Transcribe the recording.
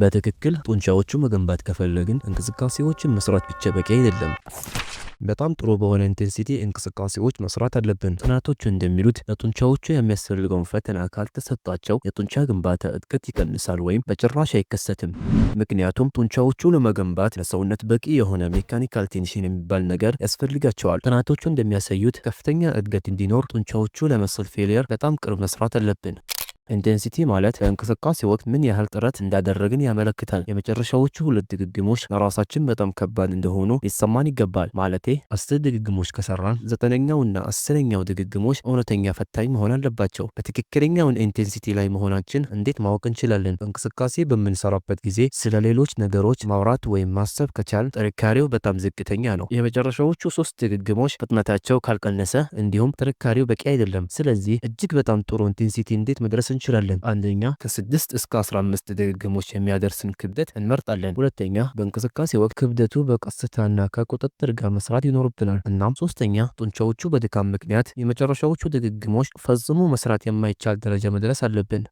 በትክክል ጡንቻዎቹ መገንባት ከፈለግን እንቅስቃሴዎችን መስራት ብቻ በቂ አይደለም። በጣም ጥሩ በሆነ ኢንቴንሲቲ እንቅስቃሴዎች መስራት አለብን። ጥናቶቹ እንደሚሉት ለጡንቻዎቹ የሚያስፈልገውን ፈተና ካልተሰጣቸው የጡንቻ ግንባታ እድገት ይቀንሳል ወይም በጭራሽ አይከሰትም። ምክንያቱም ጡንቻዎቹ ለመገንባት ለሰውነት በቂ የሆነ ሜካኒካል ቴንሽን የሚባል ነገር ያስፈልጋቸዋል። ጥናቶቹ እንደሚያሳዩት ከፍተኛ እድገት እንዲኖር ጡንቻዎቹ ለመሰል ፌሊየር በጣም ቅርብ መስራት አለብን። ኢንቴንሲቲ ማለት በእንቅስቃሴ ወቅት ምን ያህል ጥረት እንዳደረግን ያመለክታል። የመጨረሻዎቹ ሁለት ድግግሞች ለራሳችን በጣም ከባድ እንደሆኑ ሊሰማን ይገባል። ማለቴ አስር ድግግሞች ከሰራን ዘጠነኛውና አስረኛው ድግግሞች እውነተኛ ፈታኝ መሆን አለባቸው። በትክክለኛውን ኢንቴንሲቲ ላይ መሆናችን እንዴት ማወቅ እንችላለን? በእንቅስቃሴ በምንሰራበት ጊዜ ስለ ሌሎች ነገሮች ማውራት ወይም ማሰብ ከቻል ጥንካሬው በጣም ዝቅተኛ ነው። የመጨረሻዎቹ ሶስት ድግግሞች ፍጥነታቸው ካልቀነሰ እንዲሁም ጥንካሬው በቂ አይደለም። ስለዚህ እጅግ በጣም ጥሩ ኢንቴንሲቲ እንዴት መድረስ እንችላለን። አንደኛ ከስድስት እስከ 15 ድግግሞች የሚያደርስን ክብደት እንመርጣለን። ሁለተኛ በእንቅስቃሴ ወቅት ክብደቱ በቀስታና ከቁጥጥር ጋር መስራት ይኖርብናል። እናም ሶስተኛ ጡንቻዎቹ በድካም ምክንያት የመጨረሻዎቹ ድግግሞች ፈጽሞ መስራት የማይቻል ደረጃ መድረስ አለብን።